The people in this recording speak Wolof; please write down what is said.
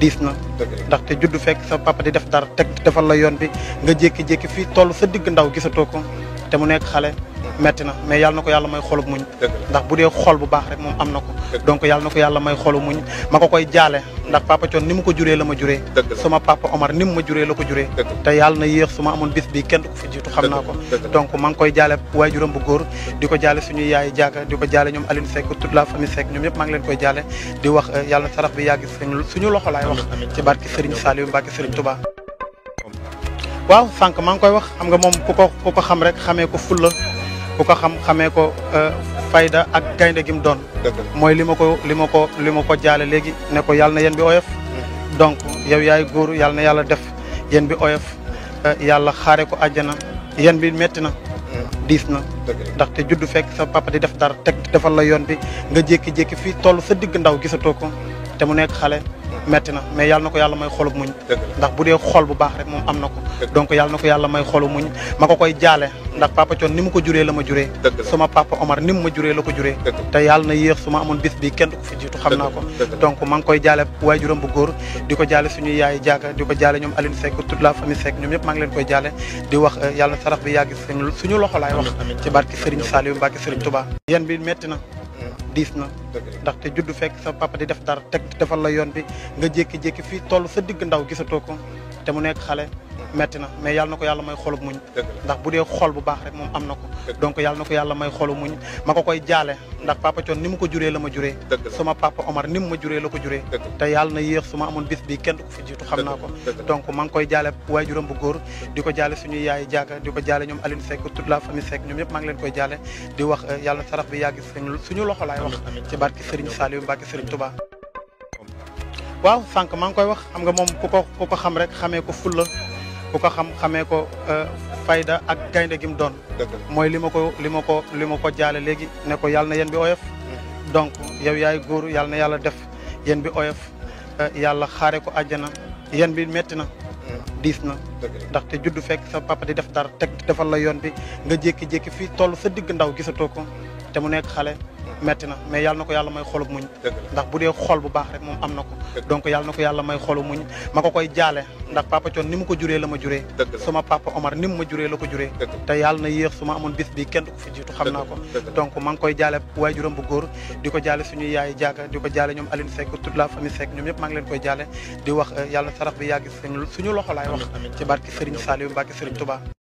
diis na ndaxte juddu fekk sa papa di def dara teg defal la yoon bi nga jékki-jékki fii toll sa digg ndaw gisatoo ko te mu nekk xale metti na mais yàlla na ko yàlla may xolu muñ ndax bu dee xol bu baax rek moom am na ko donc yàlla na ko yàlla may xolu muñ ma ko koy jaale ndax papa Thione ni ko juree la ma juree suma papa Omar ni mu ma juree la ko juree te yàlla na yéex amoon bis bi kenn du ko fi jiitu xam naa ko donc ma koy jaale waajuram bu góor di ko jaale suñuy yaay jaaga di ko jaale ñoom Aline Seck toute famille Seck ñoom ñëpp maa leen koy jaale di wax eh, yàlla na sarax bi yàgg suñu loxo laay ku ko xam xamee ko euh, fayda ak gaynde gi mu doon mooy li ma ko li ma ko li ma ko jaale léegi ne ko yàlla na yéen bi oyof mm-hmm. donc yow yaay góor yàlla na yàlla def yéen bi oyof euh, yàlla xaare ko àjjana yéen bi metti na mm-hmm. diis na ndaxte juddu fekk sa papa di def dara teg defal la yoon bi nga jékki-jékki fii toll sa digg ndaw gisatoo ko te mu nekk xale metti na mais yàlla na ko yàlla may xolub muñ ndax bu dee xol bu baax rek moom am na ko donc yàlla na ko yàlla may xolu muñ ma ko koy jaale ndax papa Thione ni ko juree la ma juree suma papa Omar ni mu ma juree la ko juree te yàlla na yéex ma amoon bis bi kenn du ko fi jiitu xam naa ko donc ma ngi koy jaale waajuram bu góor di ko jaale suñu yaay jaaga di ko jaale ñoom Aline Seck toute la famille Seck ñoom ñëpp maa ngi leen koy jaale di wax eh, yàlla sarax bi yàgg suñu loxo laay wax ci barki Serigne Saliou Mbacke Serigne Touba na diis na ndaxte juddu fekk sa papa di def dara teg defal la yoon bi nga jékki-jékki fii toll sa digg ndaw gisatoo ko te mu nekk xale metti na mais yàlla na ko yàlla may xolu muñ ndax bu dee xol bu baax rek moom am ko donc yàlla ko yàlla may xolu muñ ma ko koy jaale ndax papa Thione ni mu ko juree la ma juree suma papa Omar ni ma juree la ko juree te yàlla na yéex amoon bis bi kenn du ko fi jiitu xam naa ko donc ma koy jaale waajuram bu góor di ko jaale suñuy yaay jaaga di ko jaale ñoom Aline Seck toute famille Seck ñoom ñëpp maa leen koy jaale di wax euh, yàlla sarax bi yàgg suñu ku ko xam xamee ko euh, fayda ak gaynde gi mu doon mooy li ma ko li ma ko li ma ko jaale léegi ne ko yàlla na yéen bi oyof mm. donc yow yaay góor yàlla na yàlla def yéen bi oyof euh, yàlla xaare ko àjjana yéen bi metti na mm. diis na ndaxte juddu fekk sa papa di def dara teg defal la yoon bi nga jékki-jékki fii toll sa digg ndaw gisatoo ko te mu nekk xale metti na mais yàlla na ko yàlla may xolub muñ ndax bu dee xol bu baax rek moom am na ko donc yàlla na ko yàlla may xolu muñ ma ko koy jaale ndax papa Thione ni mu la ma juree suma papa Omar ni mu ma juree la ko juree te yàlla na yéex su ma amoon bis bi kenn du ko jiitu xam naa ko donc ma koy jaale waajuram bu góor di ko jaale suñu yaay jaaga di ko jaale ñoom Aline Seck toute la famille Seck ñoom ñëpp maa ngi leen koy jaale di wax euh, yàlla sarax bi yàgg suñu loxo laay wax ci